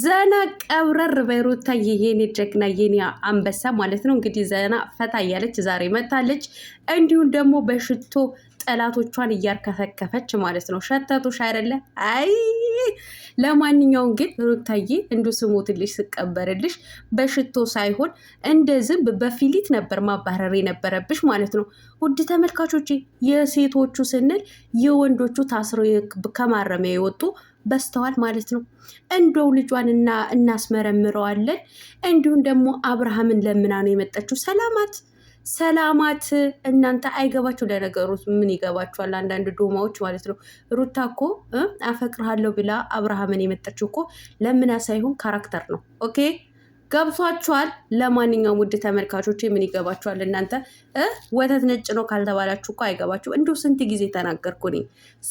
ዘና ቀብረር በይሩታ የኔ ጀግና የኔ አንበሳ ማለት ነው። እንግዲህ ዘና ፈታ እያለች ዛሬ መታለች። እንዲሁም ደግሞ በሽቶ ጠላቶቿን እያርከፈከፈች ማለት ነው። ሸተቱሽ አይደለ? አይ ለማንኛውም ግን ሩታዬ እንዱ ስሞትልሽ ስቀበርልሽ በሽቶ ሳይሆን እንደ ዝንብ በፊሊት ነበር ማባረር የነበረብሽ ማለት ነው። ውድ ተመልካቾች የሴቶቹ ስንል የወንዶቹ ታስረው ከማረሚያ የወጡ በስተዋል ማለት ነው። እንደው ልጇን እናስመረምረዋለን። እንዲሁም ደግሞ አብርሃምን ለምና ነው የመጣችው ሰላማት ሰላማት እናንተ አይገባችሁ። ለነገሩ ምን ይገባችኋል? አንዳንድ ዶማዎች ማለት ነው። ሩታ እኮ አፈቅርሃለሁ ብላ አብርሃምን የመጣችው እኮ ለምና ሳይሆን ካራክተር ነው። ኦኬ ገብቷችኋል? ለማንኛውም ውድ ተመልካቾች ምን ይገባችኋል እናንተ? ወተት ነጭ ነው ካልተባላችሁ እኮ አይገባችሁም። እንዲሁ ስንት ጊዜ ተናገርኩ እኔ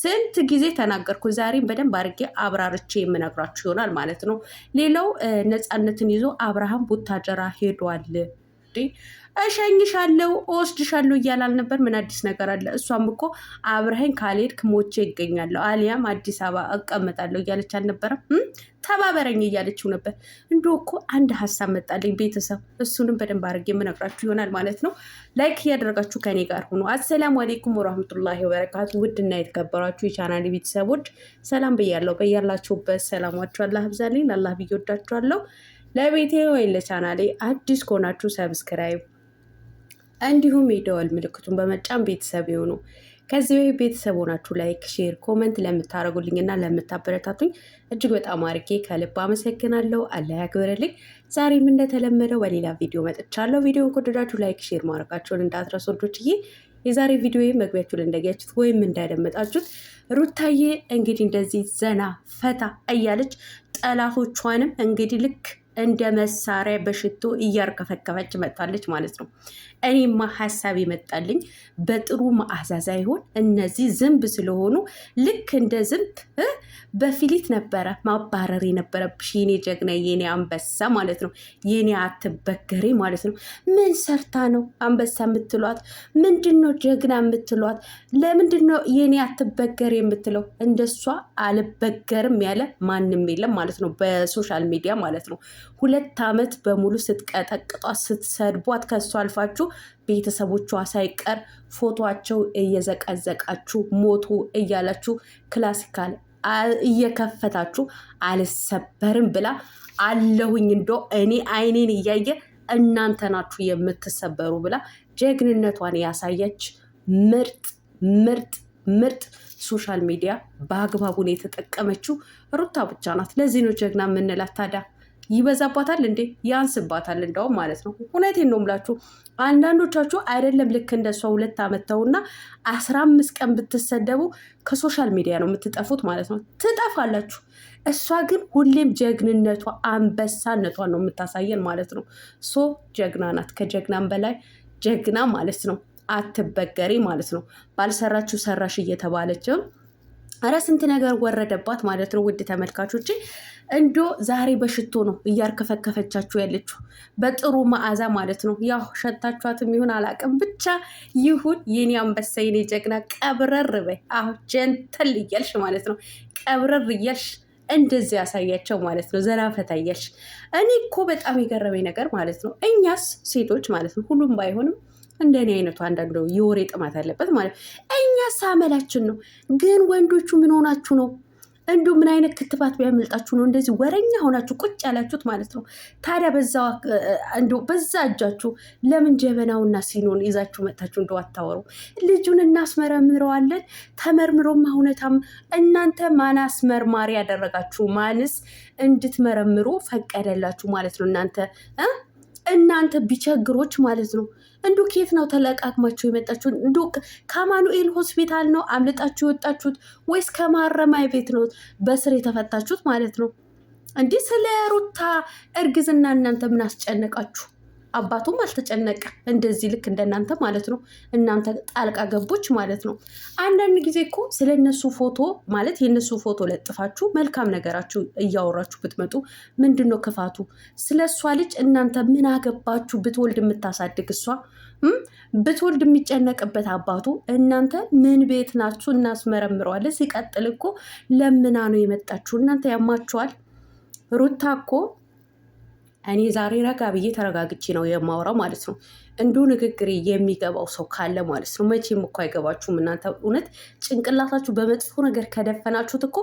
ስንት ጊዜ ተናገርኩ። ዛሬም በደንብ አድርጌ አብራርቼ የምነግራችሁ ይሆናል ማለት ነው። ሌላው ነፃነትን ይዞ አብርሃም ቡታጀራ ሄዷል። እሸኝሻለሁ እወስድሻለሁ እያላል ነበር። ምን አዲስ ነገር አለ? እሷም እኮ አብረኸኝ ካልሄድክ ሞቼ ይገኛለሁ አሊያም አዲስ አበባ እቀመጣለሁ እያለች አልነበረም? ተባበረኝ እያለችው ነበር። እንዲ እኮ አንድ ሀሳብ መጣልኝ ቤተሰብ፣ እሱንም በደንብ አድርጌ የምነግራችሁ ይሆናል ማለት ነው። ላይክ እያደረጋችሁ ከኔ ጋር ሆኖ አሰላሙ አሌይኩም ወራህመቱላሂ ወበረካቱ። ውድና የተከበራችሁ የቻናል ቤተሰቦች ሰላም ብያለሁ። በያላችሁበት ሰላማችሁ አላህ ብዛልኝ። ላላህ ብዬ ወዳችኋለሁ። ለቤቴ ወይ ለቻናሌ አዲስ ከሆናችሁ ሰብስክራይብ እንዲሁም የደወል ምልክቱን በመጫን ቤተሰብ የሆኑ ከዚህ ወይ ቤተሰብ ሆናችሁ ላይክ፣ ሼር፣ ኮመንት እና ለምታበረታቱኝ እጅግ በጣም አርጌ ከልብ አመሰግናለሁ። አላህ ያክብርልኝ። ዛሬም እንደተለመደው በሌላ ቪዲዮ መጥቻለሁ። ቪዲዮን ከወደዳችሁ ላይክ፣ ሼር ማድረጋችሁን እንዳትረሱ ወዳጆቼ። የዛሬ ቪዲዮ መግቢያችሁ ላይ እንዳያችሁት ወይም እንዳደመጣችሁት ሩታዬ እንግዲህ እንደዚህ ዘና ፈታ እያለች ጠላቶቿንም እንግዲህ ልክ እንደ መሳሪያ በሽቶ እያርከፈከፈች መጣለች ማለት ነው። እኔማ ሀሳብ የመጣልኝ በጥሩ መዓዛ ሳይሆን እነዚህ ዝንብ ስለሆኑ ልክ እንደ ዝንብ በፊሊት ነበረ ማባረር የነበረብሽ የኔ ጀግና፣ የኔ አንበሳ ማለት ነው። የኔ አትበገሬ ማለት ነው። ምን ሰርታ ነው አንበሳ የምትሏት? ምንድን ነው ጀግና የምትሏት? ለምንድን ነው የኔ አትበገሬ የምትለው? እንደሷ አልበገርም ያለ ማንም የለም ማለት ነው፣ በሶሻል ሚዲያ ማለት ነው። ሁለት ዓመት በሙሉ ስትቀጠቅጧት፣ ስትሰድቧት ከሱ አልፋችሁ ቤተሰቦቿ ሳይቀር ፎቶቸው እየዘቀዘቃችሁ ሞቱ እያላችሁ ክላሲካል እየከፈታችሁ አልሰበርም ብላ አለሁኝ እንዶ እኔ አይኔን እያየ እናንተ ናችሁ የምትሰበሩ ብላ ጀግንነቷን ያሳየች ምርጥ ምርጥ ምርጥ ሶሻል ሚዲያ በአግባቡ የተጠቀመችው ሩታ ብቻ ናት። ለዚህ ነው ጀግና የምንላት ታዲያ። ይበዛባታል እንዴ? ያንስባታል እንደውም ማለት ነው። እውነቴን ነው የምላችሁ። አንዳንዶቻችሁ አይደለም ልክ እንደሷ ሁለት ዓመት ተውና አስራ አምስት ቀን ብትሰደቡ ከሶሻል ሚዲያ ነው የምትጠፉት ማለት ነው። ትጠፋላችሁ። እሷ ግን ሁሌም ጀግንነቷ አንበሳነቷን ነው የምታሳየን ማለት ነው። ሶ ጀግና ናት። ከጀግናም በላይ ጀግና ማለት ነው። አትበገሪ ማለት ነው። ባልሰራችሁ ሰራሽ እየተባለችም አረ ስንት ነገር ወረደባት ማለት ነው። ውድ ተመልካቾች እንዶ ዛሬ በሽቶ ነው እያርከፈከፈቻችሁ ያለችው በጥሩ መዓዛ ማለት ነው። ያው ሸታችኋትም ይሁን አላቅም፣ ብቻ ይሁን የኔ አንበሳ የኔ ጀግና ቀብረር በይ አሁ ጀንተል እያልሽ ማለት ነው ቀብረር እያልሽ እንደዚህ ያሳያቸው ማለት ነው። ዘና ፈታ እያልሽ እኔ እኮ በጣም የገረመኝ ነገር ማለት ነው እኛስ ሴቶች ማለት ነው ሁሉም ባይሆንም እንደ እኔ አይነቱ አንዳንድ የወሬ ጥማት አለበት ማለት እኛ ሳመላችን ነው። ግን ወንዶቹ ምን ሆናችሁ ነው? እንዲሁ ምን አይነት ክትባት ቢያመልጣችሁ ነው እንደዚህ ወረኛ ሆናችሁ ቁጭ ያላችሁት ማለት ነው? ታዲያ በዛ እጃችሁ ለምን ጀበናውና ሲኖን ይዛችሁ መጥታችሁ እንደ አታወሩ? ልጁን እናስመረምረዋለን። ተመርምሮማ እውነታም እናንተ ማን አስመርማሪ ያደረጋችሁ? ማንስ እንድትመረምሩ ፈቀደላችሁ ማለት ነው? እናንተ እናንተ ቢቸግሮች ማለት ነው። እንዱ ኬት ነው ተለቃቅማችሁ የመጣችሁት? እንዱ ከአማኑኤል ሆስፒታል ነው አምልጣችሁ የወጣችሁት ወይስ ከማረሚያ ቤት ነው በስር የተፈታችሁት ማለት ነው? እንዲህ ስለ ሩታ እርግዝና እናንተ ምን አስጨነቃችሁ? አባቱም አልተጨነቀ። እንደዚህ ልክ እንደናንተ ማለት ነው። እናንተ ጣልቃ ገቦች ማለት ነው። አንዳንድ ጊዜ እኮ ስለ እነሱ ፎቶ ማለት የእነሱ ፎቶ ለጥፋችሁ መልካም ነገራችሁ እያወራችሁ ብትመጡ ምንድን ነው ክፋቱ? ስለ እሷ ልጅ እናንተ ምን አገባችሁ? ብትወልድ የምታሳድግ እሷ ብትወልድ የሚጨነቅበት አባቱ፣ እናንተ ምን ቤት ናችሁ? እናስመረምረዋለን። ሲቀጥል እኮ ለምና ነው የመጣችሁ እናንተ ያማችኋል። ሩታ እኮ እኔ ዛሬ ረጋ ብዬ ተረጋግቼ ነው የማወራው ማለት ነው። እንዲሁ ንግግር የሚገባው ሰው ካለ ማለት ነው። መቼም እኮ አይገባችሁም እናንተ እውነት ጭንቅላታችሁ በመጥፎ ነገር ከደፈናችሁት እኮ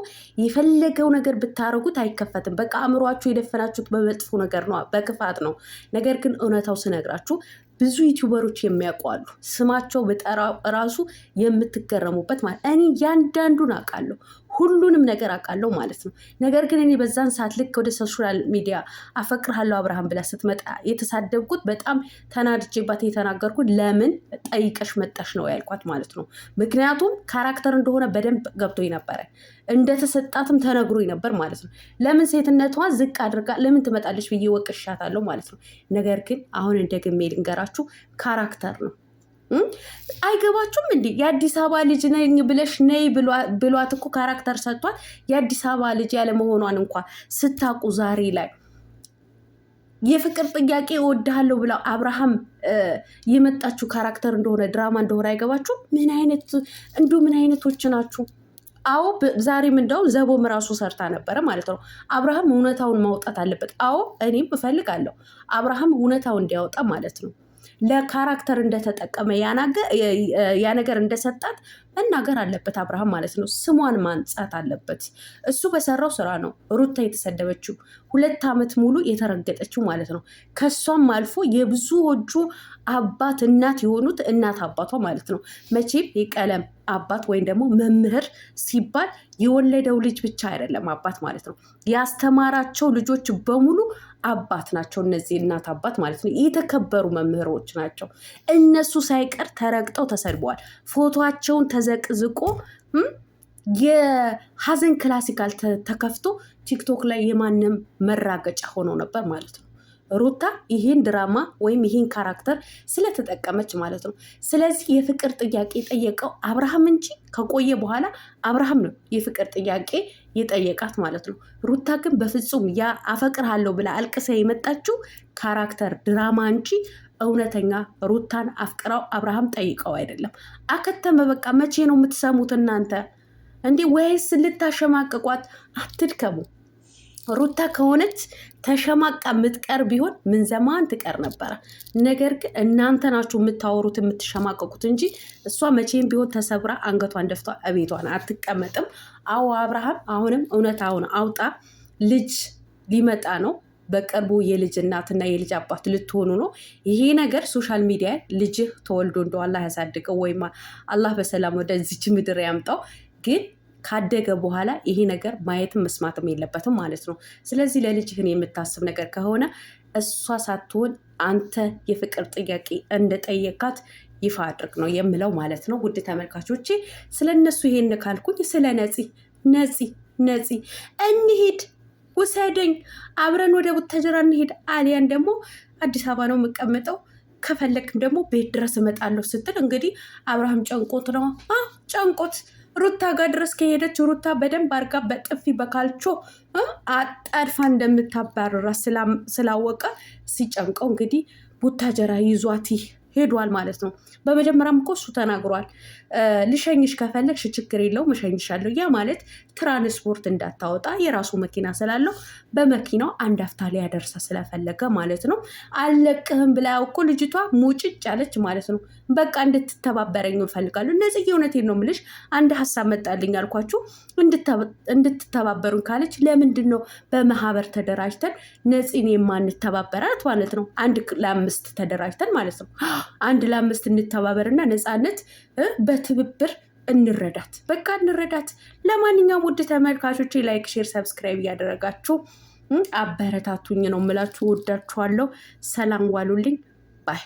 የፈለገው ነገር ብታረጉት አይከፈትም። በቃ አእምሯችሁ የደፈናችሁት በመጥፎ ነገር ነው፣ በክፋት ነው። ነገር ግን እውነታው ስነግራችሁ ብዙ ዩቲዩበሮች የሚያውቋሉ ስማቸው በጠራ ራሱ የምትገረሙበት ማለት እኔ ያንዳንዱን አውቃለሁ። ሁሉንም ነገር አውቃለሁ ማለት ነው። ነገር ግን እኔ በዛን ሰዓት ልክ ወደ ሶሻል ሚዲያ አፈቅርሃለሁ አብርሃም ብላ ስትመጣ የተሳደብኩት በጣም ተናድጄባት የተናገርኩት ለምን ጠይቀሽ መጣሽ ነው ያልኳት ማለት ነው። ምክንያቱም ካራክተር እንደሆነ በደንብ ገብቶ ነበረ እንደተሰጣትም ተነግሮ ነበር ማለት ነው። ለምን ሴትነቷ ዝቅ አድርጋ ለምን ትመጣለች ብዬ ወቅሻታለሁ ማለት ነው። ነገር ግን አሁን እንደግሜ ልንገራችሁ ካራክተር ነው። አይገባችሁም እንዴ? የአዲስ አበባ ልጅ ነኝ ብለሽ ነይ ብሏት እኮ ካራክተር ሰጥቷል። የአዲስ አበባ ልጅ ያለመሆኗን እንኳ ስታቁ ዛሬ ላይ የፍቅር ጥያቄ እወድሃለሁ ብላ አብርሃም የመጣችሁ ካራክተር እንደሆነ ድራማ እንደሆነ አይገባችሁ። ምን አይነት እንዲሁ ምን አይነቶች ናችሁ? አዎ ዛሬም እንደውም ዘቦም ራሱ ሰርታ ነበረ ማለት ነው። አብርሃም እውነታውን ማውጣት አለበት። አዎ እኔም እፈልጋለሁ አብርሃም እውነታውን እንዲያወጣ ማለት ነው። ለካራክተር እንደተጠቀመ ያ ነገር እንደሰጣት መናገር አለበት አብርሃም ማለት ነው። ስሟን ማንጻት አለበት። እሱ በሰራው ስራ ነው ሩታ የተሰደበችው ሁለት ዓመት ሙሉ የተረገጠችው ማለት ነው። ከሷም አልፎ የብዙዎቹ አባት እናት የሆኑት እናት አባቷ ማለት ነው። መቼም የቀለም አባት ወይም ደግሞ መምህር ሲባል የወለደው ልጅ ብቻ አይደለም አባት ማለት ነው። ያስተማራቸው ልጆች በሙሉ አባት ናቸው። እነዚህ እናት አባት ማለት ነው የተከበሩ መምህሮች ናቸው። እነሱ ሳይቀር ተረግጠው ተሰድበዋል። ፎቶቸውን ተዘቅዝቆ የሀዘን ክላሲካል ተከፍቶ ቲክቶክ ላይ የማንም መራገጫ ሆኖ ነበር ማለት ነው። ሩታ ይህን ድራማ ወይም ይህን ካራክተር ስለተጠቀመች ማለት ነው። ስለዚህ የፍቅር ጥያቄ የጠየቀው አብርሃም እንጂ ከቆየ በኋላ አብርሃም ነው የፍቅር ጥያቄ የጠየቃት ማለት ነው። ሩታ ግን በፍጹም ያ አፈቅርሃለሁ ብላ አልቅሰ የመጣችው ካራክተር ድራማ እንጂ እውነተኛ ሩታን አፍቅራው አብርሃም ጠይቀው አይደለም። አከተመ በቃ። መቼ ነው የምትሰሙት እናንተ እንዲህ? ወይስ ልታሸማቅቋት? አትድከሙ። ሩታ ከሆነች ተሸማቃ የምትቀር ቢሆን ምን ዘማን ትቀር ነበረ። ነገር ግን እናንተ ናችሁ የምታወሩት የምትሸማቀቁት እንጂ እሷ መቼም ቢሆን ተሰብራ አንገቷን ደፍቷ እቤቷን አትቀመጥም። አዎ አብርሃም አሁንም እውነታውን አውጣ። ልጅ ሊመጣ ነው። በቅርቡ የልጅ እናትና የልጅ አባት ልትሆኑ ነው። ይሄ ነገር ሶሻል ሚዲያ ልጅህ ተወልዶ እንደው አላህ ያሳድገው ወይም አላህ በሰላም ወደዚች ምድር ያምጣው ግን ካደገ በኋላ ይሄ ነገር ማየትም መስማትም የለበትም ማለት ነው። ስለዚህ ለልጅህን የምታስብ ነገር ከሆነ እሷ ሳትሆን አንተ የፍቅር ጥያቄ እንደጠየካት ይፋ አድርግ ነው የምለው ማለት ነው። ውድ ተመልካቾቼ ስለ እነሱ ይሄን ካልኩኝ ስለ ነፂ ነፂ ነፂ እንሂድ ውሰደኝ፣ አብረን ወደ ቡታጀራ እንሄድ፣ አሊያን ደግሞ አዲስ አበባ ነው የምቀመጠው ከፈለክም ደግሞ ቤት ድረስ እመጣለሁ ስትል እንግዲህ አብርሃም ጨንቆት ነው ጨንቆት ሩታ ጋር ድረስ ከሄደች ሩታ በደንብ አርጋ በጥፊ በካልቾ አጠርፋ እንደምታባረራ ስላወቀ ሲጨንቀው እንግዲህ ቡታጀራ ይዟት ሄዷል ማለት ነው። በመጀመሪያም እኮ እሱ ተናግሯል። ልሸኝሽ ከፈለግሽ ችግር የለውም እሸኝሻለሁ። ያ ማለት ትራንስፖርት እንዳታወጣ የራሱ መኪና ስላለው በመኪናው አንድ አፍታ ላይ ያደርሳ ስለፈለገ ማለት ነው። አለቅህም ብላ እኮ ልጅቷ ሙጭጭ አለች ማለት ነው። በቃ እንድትተባበረኝ እፈልጋለሁ። እነዚህ የእውነቴን ነው የምልሽ። አንድ ሀሳብ መጣልኝ አልኳችሁ እንድትተባበሩ ካለች ለምንድን ነው በማህበር ተደራጅተን ነፂን የማንተባበራት ማለት ነው? አንድ ለአምስት ተደራጅተን ማለት ነው። አንድ ለአምስት እንተባበርና ነፃነት በትብብር እንረዳት። በቃ እንረዳት። ለማንኛውም ውድ ተመልካቾች ላይክ፣ ሼር፣ ሰብስክራይብ እያደረጋችሁ አበረታቱኝ ነው የምላችሁ። ወዳችኋለሁ። ሰላም ዋሉልኝ ባይ